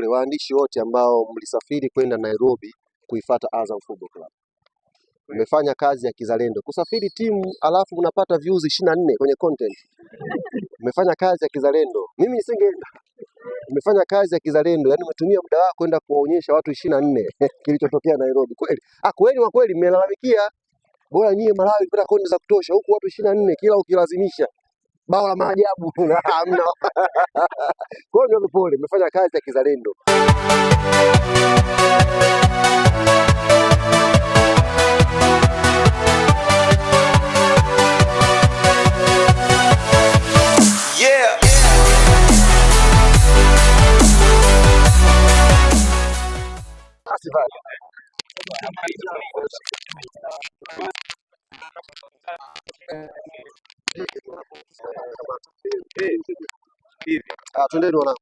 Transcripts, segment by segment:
pole waandishi wote ambao mlisafiri kwenda Nairobi kuifata Azam Football Club. Mmefanya kazi ya kizalendo kusafiri timu alafu unapata views ishirini na nne kwenye content. Mmefanya kazi ya kizalendo, mimi nisingeenda. Mmefanya kazi ya kizalendo, yani umetumia muda wako kwenda kuwaonyesha watu ishirini na nne kilichotokea Nairobi. Kweli ah, kweli wa kweli mmelalamikia, bora nyie Malawi pata kondi za kutosha, huku watu ishirini na nne kila ukilazimisha bao la maajabu hamna. Kwa hiyo pole, mmefanya kazi ya kizalendo. Twendeni wanangu.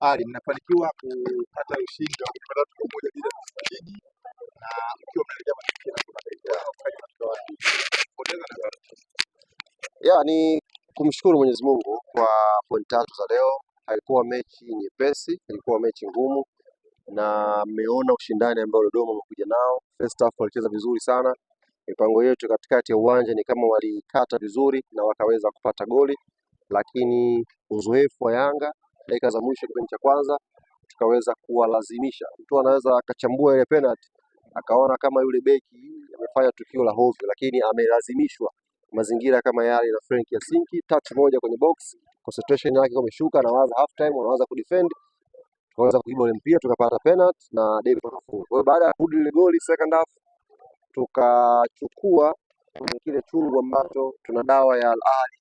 Ali, mnafanikiwa kupata ushindi wa kupata kwa moja bila kusajili na mkiwa mnaelekea matukio na kufanya matokeo yake. Ya, ni kumshukuru Mwenyezi Mungu kwa pointi tatu za leo haikuwa mechi nyepesi, ilikuwa mechi ngumu, na mmeona ushindani ambao Dodoma umekuja nao. First half walicheza vizuri sana, mipango yetu katikati ya uwanja ni kama walikata vizuri na wakaweza kupata goli, lakini uzoefu wa Yanga dakika za mwisho kipindi cha kwanza tukaweza kuwalazimisha. Mtu anaweza akachambua ile penalty akaona kama yule beki amefanya tukio la hovyo, lakini amelazimishwa mazingira kama yale na Frank Yasinki, touch moja kwenye box, concentration yake imeshuka, anawaza half time, anawaza defend, tukaweza kuiba ile mpira tukapata penalty na David tukafunga. Kwa hiyo baada ya kurudi ile goli second half tukachukua kile chungu ambacho tuna dawa ya Al Ahly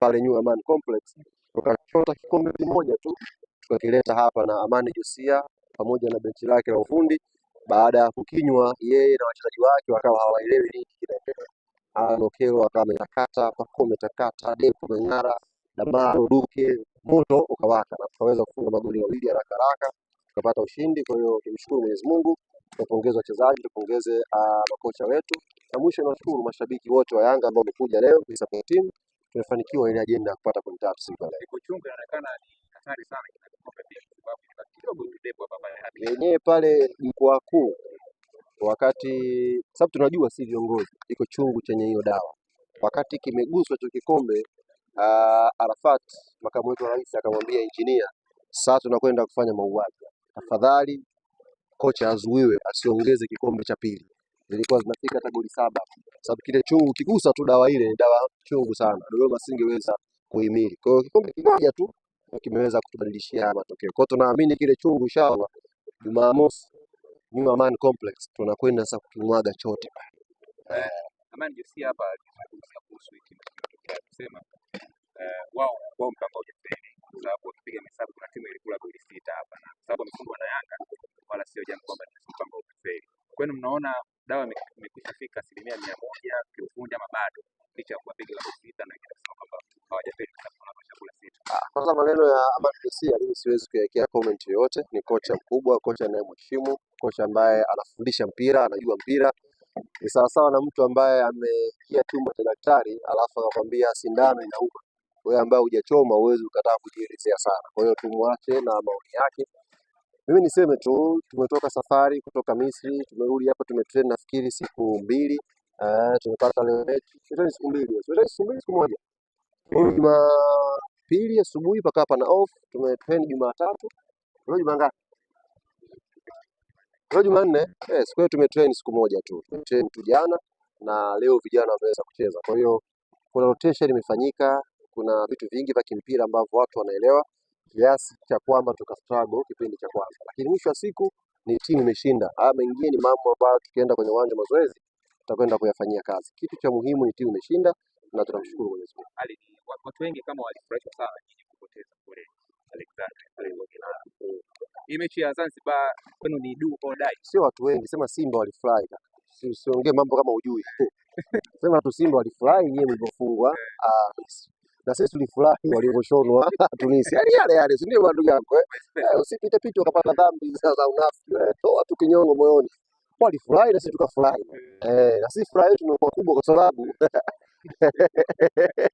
pale New Aman Complex, tukachota kikombe kimoja tu tukakileta hapa na Amani Josia pamoja na benchi lake la ufundi. Baada ya kukinywa, yeye na wachezaji wake wakawa hawaelewi nini kinaendelea anokewa kama itakata pako imetakata depo meng'ara damaro duke moto ukawaka, na tukaweza kufunga magoli mawili haraka haraka tukapata ushindi. Kwa hiyo tumshukuru Mwenyezi Mungu, tupongeze wachezaji, tupongeze ah, makocha wetu, na mwisho nawashukuru mashabiki wote wa Yanga ambao wamekuja leo kuisupport timu. Tumefanikiwa ile ajenda ya kupata pointi tatu siku yenyewe pale mkoa kuu wakati sababu tunajua si viongozi, iko chungu chenye hiyo dawa. Wakati kimeguswa cho kikombe, ah, Arafat makamu wetu wa rais akamwambia engineer, sasa tunakwenda kufanya mauaji, tafadhali kocha azuiwe asiongeze kikombe cha pili. Zilikuwa zinafika hata goli saba, sababu kile chungu kigusa tu dawa ile, dawa chungu sana, Dodoma singeweza kuhimili. Kwa hiyo kikombe kimoja tu kimeweza kutubadilishia matokeo. Kwa hiyo tunaamini kile chungu, inshallah Jumamosi nyuma man Complex tunakwenda sasa kutumwaga chote pale. Eh, hapa kuhusu hiki tunasema eh, wao wao mpango sababu hesabu kuna timu ilikula goli sita hapa na sababu Yanga wala sio jambo kwamba ni mpango Kwani mnaona dawa imekwisha fika asilimia mia moja kiufundi ama bado licha ya kuwapiga goli sita na wengine kusema kwamba hawajafeli kwa sababu wanachakula sita. Ah, kwanza maneno ya amani binafsi lakini siwezi kuiwekea comment yoyote. Ni kocha mkubwa, kocha anayemheshimu, kocha ambaye anafundisha mpira, anajua mpira. Ni sawasawa na mtu ambaye ameingia chumba cha daktari alafu akakwambia sindano inauma, wewe ambaye hujachoma uwezi ukataa kujielezea sana. Kwa hiyo tumwache na maoni yake. Mimi niseme tu, tumetoka safari kutoka Misri, tumerudi hapa, tumetrain nafikiri siku mbili. Uh, tumepata leo mechi, siku mbili, siku moja Mimi Jumapili asubuhi paka hapa na off. Tumetrain Jumatatu, leo juma ngapi? Leo nne. Yes, kwa hiyo tumetrain siku moja tu, tumetrain tu jana na leo vijana wameweza kucheza. Kwa hiyo kuna rotation imefanyika, kuna vitu vingi vya kimpira ambavyo watu wanaelewa kiasi cha kwamba tuka struggle kipindi cha kwanza, lakini mwisho wa siku ni timu imeshinda. Haya mengine ni mambo ambayo tukienda kwenye uwanja mazoezi tutakwenda kuyafanyia kazi. Kitu cha muhimu ni timu imeshinda na tunamshukuru Mwenyezi Mungu. Watu wengi kama walifurahishwa sana nyinyi kupoteza kule Alexander. Hii mechi ya Zanzibar kwenu ni do or die. Sio watu wengi, sema Simba walifurahi. Siongee mambo kama ujui. Sema tu Simba walifurahi yeye mlipofungwa. Eh. Ah, na sisi tulifurahi walioshonwa Tunisia. Yaani yale yale, si ndio ndugu yako eh? eh? Usipite pite ukapata dhambi za unafiki. Eh. Toa tu kinyongo moyoni. Walifurahi na sisi tukafurahi. Eh, na sisi furaha yetu ni kubwa kwa sababu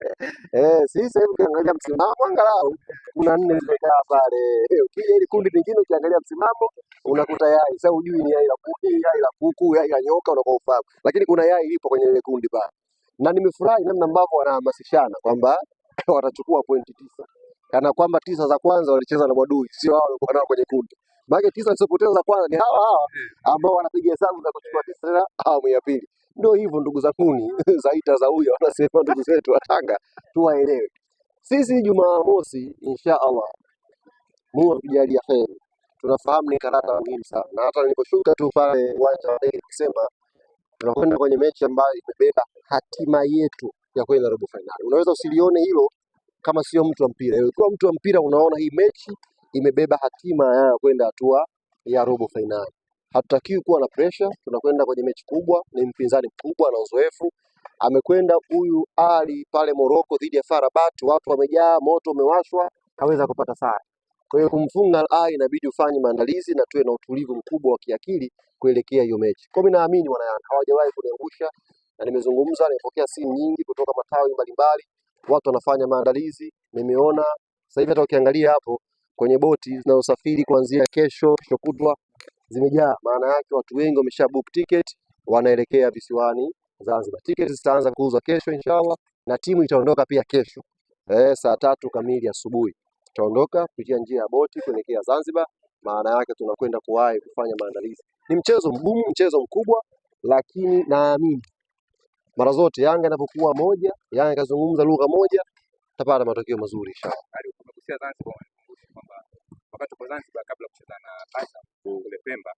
Eh, si sehemu ukiangalia msimamo angalau kuna nne zimekaa pale. Eh, ukija ili kundi lingine ukiangalia msimamo unakuta yai. Sasa hujui ni yai la kuku, yai la kuku, yai la nyoka unakuwa ufahamu. Lakini kuna yai lipo kwenye ile kundi pale. Na nimefurahi namna ambavyo wanahamasishana kwamba watachukua pointi tisa. Kana kwamba tisa za kwanza walicheza na Mwadui, sio wao walikuwa nao kwenye kundi maana tisa walizopoteza za kwanza ni hawa hawa eh. ambao wanapiga hesabu za kuchukua tisa tena awamu ya pili. Ndio hivyo ndugu zanguni, zaita za huyo wanasema ndugu zetu wa Tanga, tuwaelewe sisi. Jumamosi insha Allah Mungu akijalia heri, tunafahamu ni karata muhimu sana, na hata niliposhuka tu pale uwanja wa ndege kusema tunakwenda kwenye mechi ambayo imebeba hatima yetu ya kwenda robo fainali. Unaweza usilione hilo kama sio mtu wa mpira, ukiwa mtu wa mpira unaona hii mechi imebeba hatima ya kwenda hatua ya robo fainali. Hatutakiwi kuwa na pressure, tunakwenda kwenye mechi kubwa, ni mpinzani mkubwa na uzoefu. Amekwenda huyu Ali pale Morocco dhidi ya FAR Rabat, watu wamejaa, moto umewashwa, kaweza kupata sare. Kwa hiyo kumfunga Al Ahly inabidi ufanye maandalizi na tuwe na utulivu mkubwa wa kiakili kuelekea hiyo mechi. Kwa mimi naamini wana Yanga hawajawahi kuniangusha, na nimezungumza, nimepokea simu nyingi kutoka matawi mbalimbali, watu wanafanya maandalizi, nimeona sasa hivi hata ukiangalia hapo kwenye boti zinazosafiri kuanzia kesho, kesho kutwa zimejaa. Maana yake watu wengi wamesha book ticket, wanaelekea visiwani Zanzibar. Tiketi zitaanza kuuzwa kesho inshallah, na timu itaondoka pia kesho eh, saa tatu kamili asubuhi itaondoka kupitia njia ya boti kuelekea Zanzibar. Maana yake tunakwenda kuwahi kufanya maandalizi. Ni mchezo mgumu, mchezo mkubwa, lakini naamini mara zote Yanga inapokuwa moja, Yanga ikazungumza lugha moja, tapata matokeo mazuri inshallah. Zanzibar kabla kucheza na Pasha kule Pemba,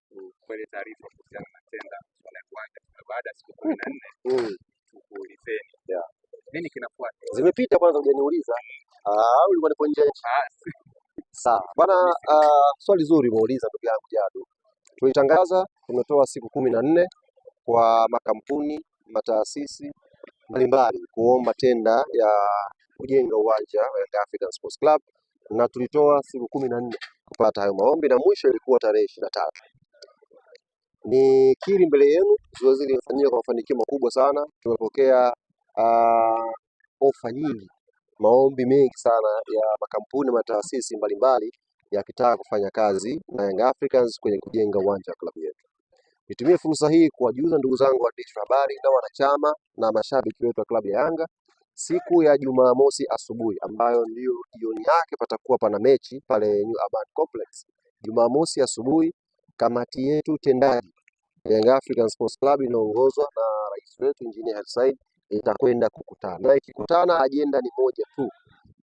kweli taarifa kuhusiana na tenda ya kiwanja baada ya siku kumi na nne mm. tukuulizeni nini kinafuata. Zimepita kwanza, hujaniuliza ah, ulikuwa nipo nje ah, Sawa ah, swali zuri umeuliza ndugu yangu Jadu. Tulitangaza tumetoa siku kumi na nne kwa makampuni mataasisi mbalimbali kuomba tenda ya kujenga uwanja wa African Sports Club na tulitoa siku kumi na nne kupata hayo maombi, na mwisho ilikuwa tarehe ishirini na tatu. Ni kiri mbele yenu, zoezi limefanyika kwa mafanikio makubwa sana. Tumepokea uh, ofa nyingi, maombi mengi sana ya makampuni na taasisi mbalimbali yakitaka kufanya kazi na Young Africans kwenye kujenga uwanja wa klabu yetu. Nitumie fursa hii kuwajuza ndugu zangu waandishi wa habari na wanachama na mashabiki wetu wa klabu ya Yanga siku ya Jumamosi asubuhi ambayo ndiyo jioni yake patakuwa pana mechi pale New Urban Complex. Jumamosi asubuhi, kamati yetu tendaji Young African Sports Club inaongozwa na rais wetu Injinia Hersi itakwenda kukutana, na ikikutana ajenda ni moja tu,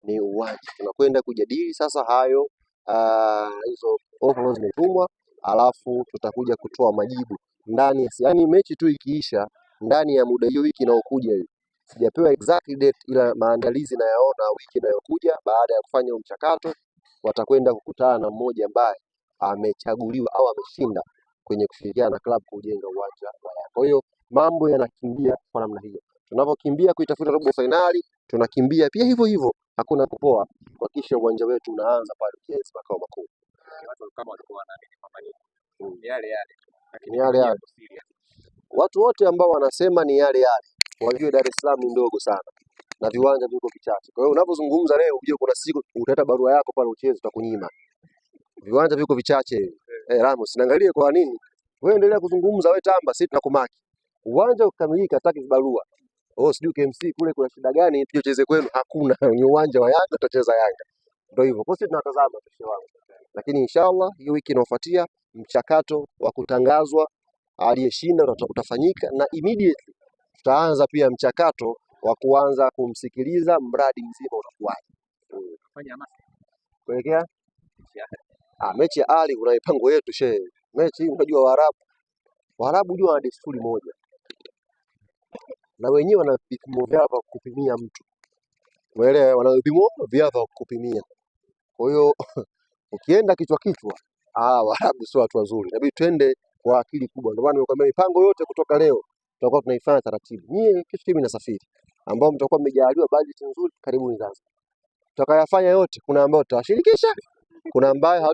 ni uwanja. Tunakwenda kujadili sasa hayo ah, hizo ofa zimetumwa, alafu tutakuja kutoa majibu ndani, yaani mechi tu ikiisha ndani ya muda hiyo wiki inayokuja hiyo sijapewa exactly date, ila maandalizi nayaona wiki inayokuja, baada ya kufanya mchakato watakwenda kukutana na mmoja ambaye amechaguliwa au ameshinda kwenye kushirikiana na klabu kujenga uwanja wa Yanga. Kwa hiyo mambo yanakimbia kwa namna hiyo, tunavyokimbia kuitafuta robo fainali tunakimbia pia hivyo hivyo, hakuna kupoa, kuhakikisha uwanja wetu unaanza pale Ujenzi makao makuu. Mm. Ni yale yale watu wote ambao wanasema ni yale yale wajue Dar es Salaam ni ndogo sana na viwanja viko vichache. Kwa hiyo unapozungumza leo unajua kuna siku utaleta barua yako pale ucheze utakunyima. Viwanja viko vichache Eh, hey, Ramos, naangalie kwa nini? Wewe endelea kuzungumza wewe tamba, sisi tunakumaki. Uwanja ukikamilika hataki vibarua. Oh, sijui KMC kule kuna shida gani tuje cheze kwenu? Hakuna. Ni uwanja wa Yanga tutacheza Yanga. Ndio hivyo. Kwa sisi tunatazama kesho wangu. Lakini inshallah hii wiki inayofuatia mchakato wa kutangazwa aliyeshinda utafanyika na immediately tutaanza pia mchakato wa kuanza kumsikiliza mradi mzima utakuwaje kuelekea ah, mechi ya Ali. Kuna mipango yetu shehe, mechi unajua, Waarabu Waarabu hujua wana desturi moja, na wenyewe wana vipimo vyao vya kupimia mtu, umeelewa? Wana vipimo vyao vya kupimia. Kwa hiyo ukienda kichwa kichwa, ah, Waarabu sio watu wazuri, inabidi twende kwa akili kubwa. Ndio maana nimekuambia mipango yote kutoka leo tutakuwa tunaifanya taratibu. Nyie kesho timu inasafiri, ambao mtakuwa mmejaliwa bajeti nzuri, karibuni Zanzibar. Tutakayafanya yote, kuna ambao tutawashirikisha, kuna ambao ambayo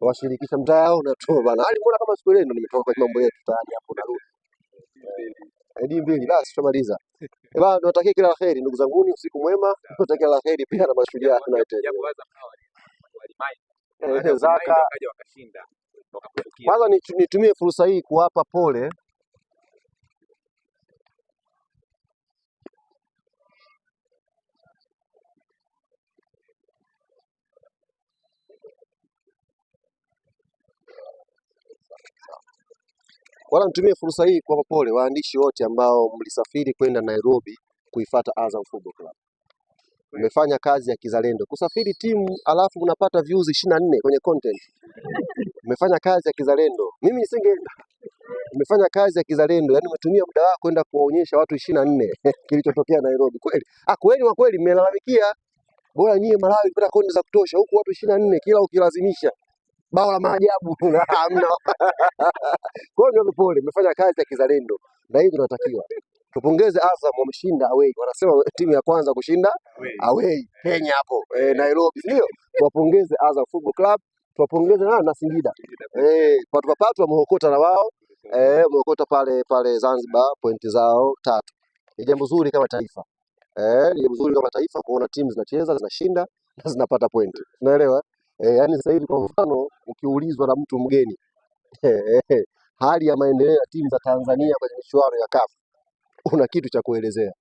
hatutawashirikisha. Mtayaona tu bana, hali mbona kama siku ile ndo nimetoka kwa mambo yetu tayari, hapo na rudi. Eh, hadi mbili, basi tumaliza. Eh bana, tunatakia kila laheri ndugu zangu, ni usiku mwema, tunatakia laheri pia na Mashujaa United. Eh, Zaka kwanza nitumie fursa hii kuwapa pole Wala nitumie fursa hii kuwapa pole waandishi wote ambao mlisafiri kwenda Nairobi kuifata Azam Football Club. Mmefanya kazi ya kizalendo kusafiri timu alafu unapata views ishirini na nne kwenye content. Mmefanya kazi ya kizalendo, mimi nisingeenda. Mmefanya kazi ya kizalendo, yani umetumia muda wako kwenda kuwaonyesha watu ishirini na nne kilichotokea Nairobi. Kweli ah, kweli wa kweli mmelalamikia, bora nyie Malawi pata kondi za kutosha, huku watu ishirini na nne kila ukilazimisha bao la maajabu hamna. Kwa hiyo pole, mmefanya kazi ya kizalendo na hii tunatakiwa tupongeze. Azam wameshinda awei, wanasema timu ya kwanza kushinda awei Kenya hapo e, Nairobi, ndio tuwapongeze Azam Football Club, tuwapongeze na na Singida eh, patupapatu wameokota na wao eh, wameokota pale pale Zanzibar pointi zao tatu. Ni jambo zuri kama taifa eh, ni jambo zuri kama taifa kuona timu zinacheza zinashinda na zinapata pointi, unaelewa. E, eh, yani sasa hivi kwa mfano ukiulizwa na mtu mgeni eh, eh, hali ya maendeleo ya timu za Tanzania kwenye michuano ya CAF una kitu cha kuelezea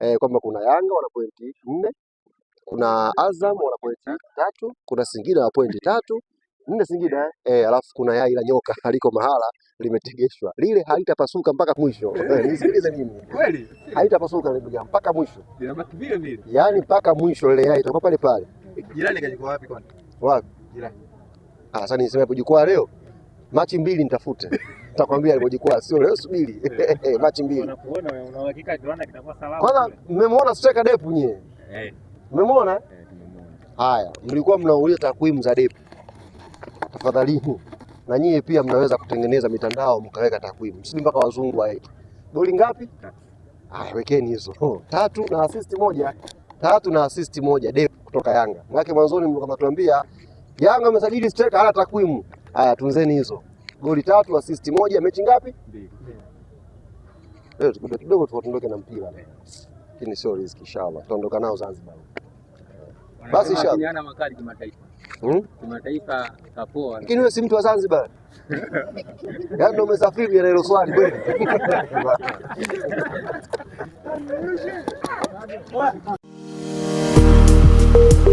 e, kwamba kuna Yanga wana pointi nne, kuna Azam wana pointi tatu, kuna Singida wana pointi tatu nne Singida e, alafu kuna yai la nyoka haliko mahala limetegeshwa, lile halitapasuka mpaka mwisho. Nisikilize mimi, kweli haitapasuka lile mpaka mwisho, inabaki vile vile, yani mpaka mwisho lile yai itakuwa pale pale. Jirani kaje kwa wapi kwani? Wapi? Ah, sasa niseme hapo jukwaa leo. Machi mbili nitafute. Nitakwambia hapo jukwaa sio leo subiri. Eh, eh, machi mbili. Unapoona una uhakika Joana kitakuwa salama. Kwanza mmemwona striker Depu nyie? Eh. Mmemwona? Eh, Haya, mlikuwa mnauliza takwimu za Depu. Tafadhali. Na nyie pia mnaweza kutengeneza mitandao mkaweka takwimu. Sisi mpaka wazungu waeke. Goli ngapi? Ah, wekeni hizo. Tatu na assist moja. Tatu na assist moja Depu kutoka Yanga. Maana mwanzoni mlikuwa Yanga amesajili striker hana takwimu. Haya, tunzeni hizo goli tatu, assist moja, mechi ngapi? Mbili. Leo kidogo kidogo tuondoke na mpira. Lakini sio riziki inshallah. Tuondoka nao Zanzibar. Basi inshallah. makali kimataifa. Hmm? Kimataifa kapoa. Lakini wewe si mtu wa Zanzibar. Yaani ndio umesafiri ya hilo swali kweli. Thank you